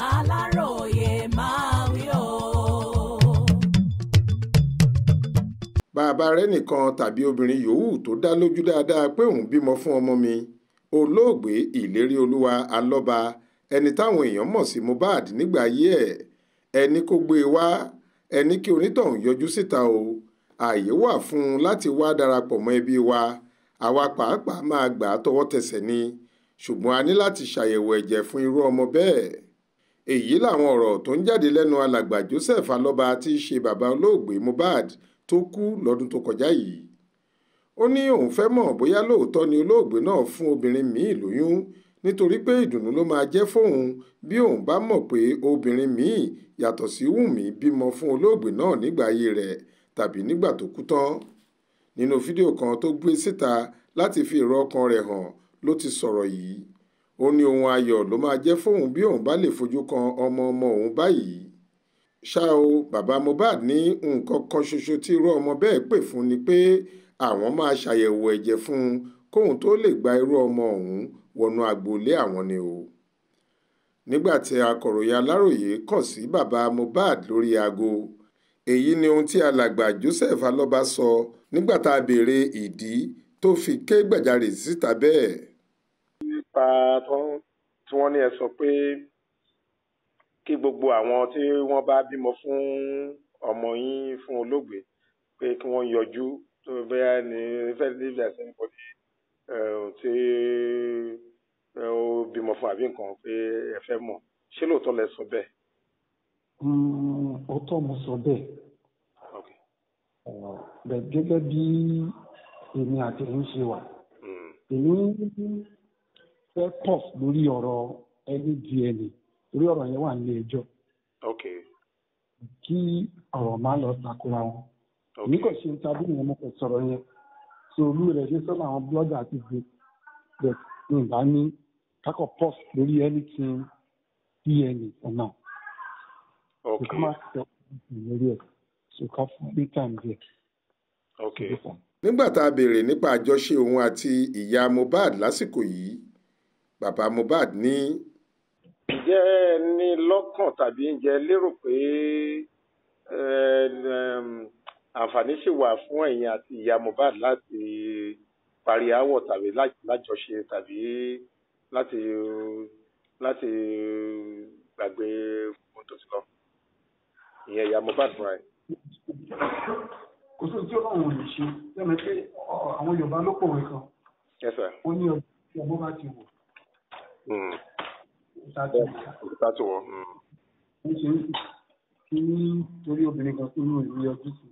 aláròye máa wí o. bàbá rẹ nìkan tàbí obìnrin yòówù tó dá lójú dáadáa pé òun bímọ fún ọmọ mi olóògbé ìlérí olúwa alọ́ba ẹni táwọn èèyàn mọ̀ sí Mohbad nígbà ayé ẹ̀ ẹni kó gbé e wá ẹni kí onítọ̀hún yọjú síta o ààyè wà fún un láti wá darapọ̀ mọ́ ẹbí wa àwa pàápàá máa gbà á tọwọ́ ni ṣùgbọ́n a ní láti ṣàyẹ̀wò ẹ̀jẹ̀ fún irú ọmọ bẹ́ẹ̀ èyí làwọn ọ̀rọ̀ tó ń jáde lẹ́nu alàgbà Joseph Alọ́ba tí í ṣe bàbá olóògbé Mohbad tó kú lọ́dún tó kọjá yìí ó ní òun fẹ́ mọ̀ bóyá lóòótọ́ ni olóògbé náà fún obìnrin míì lóyún nítorí pé ìdùnnú ló máa jẹ́ fóun bí òun bá mọ̀ pé obìnrin míì yàtọ̀ sí Wùnmí bímọ fún olóògbé náà nígbà ayé rẹ̀ tàbí nígbà tó kú tán nínú fídíò kan tó gbé síta láti fi èrò ọkàn rẹ̀ hàn ló ti sọ̀rọ̀ yìí ó ní ohun ayọ̀ ló máa jẹ́ fóun bí òun bá lè fojú kan ọmọ ọmọ òun báyìí ṣá o bàbá Mohbad ní nǹkan kan ṣoṣo tí irú ọmọ bẹ́ẹ̀ pè fún ni pé àwọn máa ṣàyẹ̀wò ẹ̀jẹ̀ fún un kóun tó lè gba irú ọmọ ọ̀hún wọnú agboolé àwọn ni o nígbà tí akọ̀ròyìn aláròye kàn sí bàbá Mohbad lórí aago èyí ni ohun tí alàgbà Joseph Alọ́ba sọ nígbà tá a béèrè ìdí tó fi ké gbàjarè síta bẹ́ẹ̀ nípa tí wọ́n ní ẹ sọ pé kí gbogbo àwọn tí wọ́n bá bímọ fún ọmọ yín fún olóògbé pé kí wọ́n yọjú tó bẹ́ẹ̀ ni fẹ́ẹ́ níbi àti ẹnìbọdí tí eh, ó bímọ fún àbí nǹkan pé ẹ fẹ́ mọ̀ ṣé lóòótọ́ lẹ sọ bẹ́ẹ̀. ọ̀tọ̀ hmm, mo sọ bẹ́ẹ̀ eh, bẹ́ẹ̀ bí èmi àti èmi ṣe wà hmm. èmi focus lórí ọ̀rọ̀ ẹni DNA lórí ọ̀rọ̀ yẹn wà nílé ẹjọ́. kí ọ̀rọ̀ máa lọ takora wọn. èmi kò ṣe ń tabú yẹn mo kò sọ̀rọ̀ yẹn so olú rẹ̀ ṣe sọ́nà àwọn blọ́gà àti gbé bẹ̀ nígbà ní kákọ̀ pọ́s lórí anything DNA for now. ok ká má sọ fún big time there. ok nígbà tá a béèrè nípa àjọṣe òun àti ìyá Mohbad lásìkò yìí bàbá Mohbad ní. ǹjẹ́ ẹ ní lọ́kàn tàbí ǹjẹ́ lérò pé àǹfààní ṣì wà fún ẹ̀yin àti ìyá Mohbad láti parí aáwọ̀ tàbí lájọṣe tàbí láti láti gbàgbé ohun tó ti lọ ìyẹn ìyá Mohbad fúnra ẹ̀. kò sí ojú ọlọ́run ò lè ṣe pé àwọn Yorùbá ló pòwe kan ó ní ọgbọ́n bá ti wò Mm. ìtàtù wọn. wọ́n mm. ṣe kí nítorí obìnrin kan tó ní ìrírí ọdún sí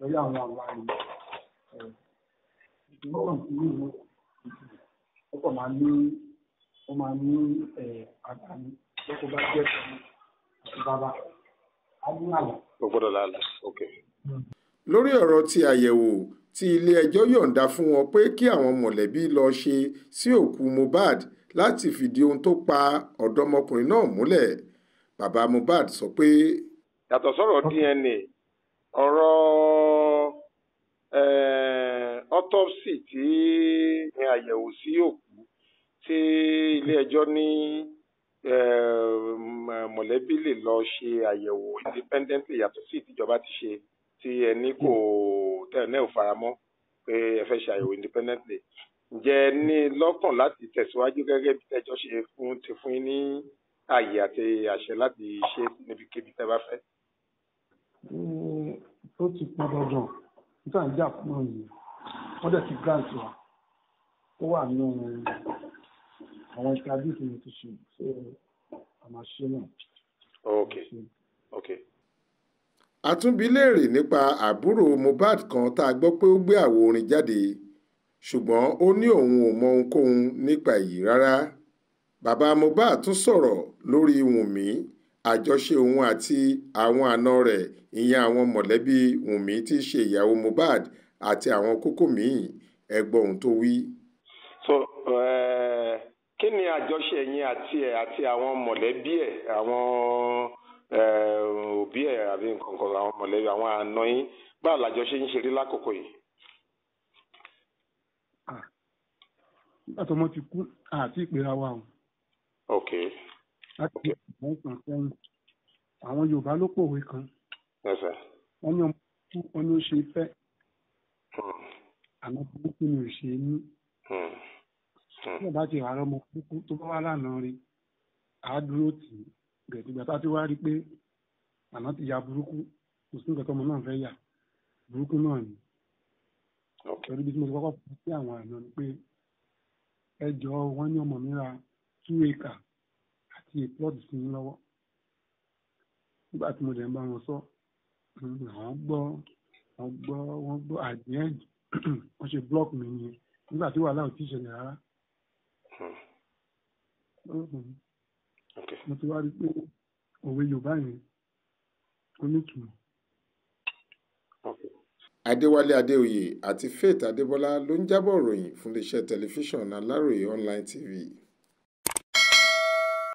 lórí àwọn àwọn àrùn ìgbìmọ̀ tí ní ìlú ó kàn máa ní ó máa ní àgbàní tó bá jẹ́ àti bàbá á ní àlọ́. ó ok. Mm. lórí ọ̀rọ̀ ti àyẹ̀wò tí ilé ẹjọ́ yọ̀ǹda fún wọn pé kí àwọn mọ̀lẹ́bí lọ ṣe sí òkú Mohbad láti fìdí ohun tó pa ọ̀dọ́mọkùnrin náà múlẹ̀ bàbá Mohbad sọ pé. yàtọ̀ sọ̀rọ̀ DNA ọ̀rọ̀ autopsy tí àyẹ̀wò sí òkú tí ilé-ẹjọ́ ní mọ̀lẹ́bí lè lọ ṣe àyẹ̀wò independently yàtọ̀ sí ìtìjọba ti ṣe tí ẹni kò tẹ̀ náà faramọ́ pé ẹ fẹ́ ṣe àyẹ̀wò independently ǹjẹ́ ní lọ́kàn láti tẹ̀síwájú gẹ́gẹ́ bí tẹ́jọ́ ṣe fún ti fún ní ààyè àti àṣẹ láti ṣe níbikíbi tẹ́ bá fẹ́. ó ti pọn dandan nígbà ń jà fún ọyìn wọ́n dẹ̀ ti grant wa ó wà nínú àwọn ìtàgé tí mo ti ṣe ṣé a ṣe náà. ok ok. a tún bi léèrè nípa àbúrò Mohbad kan tá a gbọ́ pé ó gbé àwo orin jáde ṣùgbọ́n ó ní òun ò mọ ohunkóhun nípa èyí rárá bàbá Mohbad tún sọ̀rọ̀ lórí Wùnmí àjọṣe òun àti àwọn àna rẹ̀ ìyẹn àwọn mọ̀lẹ́bí Wùnmí tí í ṣe ìyàwó Mohbad àti àwọn kókó míì ẹ ohun tó wí. so uh, kí ni àjọṣe ẹ̀yin àti ẹ̀ àti àwọn mọ̀lẹ́bí ẹ̀ àwọn eh, òbí ẹ̀ àbí nǹkan kan àwọn mọ̀lẹ́bí àwọn àna yín báwo làjọṣe ń ṣe rí lákòókò yìí. nígbà tó ọmọ ti kú àti ìpera wa o. ok. láti ìgbà ìtàn sẹ́yìn àwọn Yorùbá ló pòwe kan. wọ́n ní ọmọ kú wọn ló ṣe fẹ́. Hmm. àmọ́ burúkú ni ò ṣe ní. Hmm. Hmm. tí wọ́n bá ti rà ọmọ burúkú tó bá wà lánàá rí àá dúró tì í gbẹ̀dùgbà tá a ti wá rí pé àná ti ya burúkú kò sí nǹkan tọmọ náà fẹ́ yà burúkú náà ni. ọ̀kẹ́ rí bí mo ti kọ́kọ́ fún sí àwọn àná ni pé ẹ jọ wọn ní ọmọ two acre àti a plot sí mi lọ́wọ́ nígbà tí mo dẹ̀ ń bá wọn sọ àwọn gbọ́ wọ́n gbọ́ wọ́n gbọ́ at the end wọ́n ṣe block mi nìyẹn nígbà tí wàhálà ò tí ì ṣẹlẹ̀ rárá. Hmm. mo ti wá rí i pé òwe Yorùbá yẹn ó ní ìtumọ̀ adéwálé adéoyè àti faith adébọlá ló ń jábọ̀ ròyìn fún iléeṣẹ́ tẹlifíṣàn aláròye online tv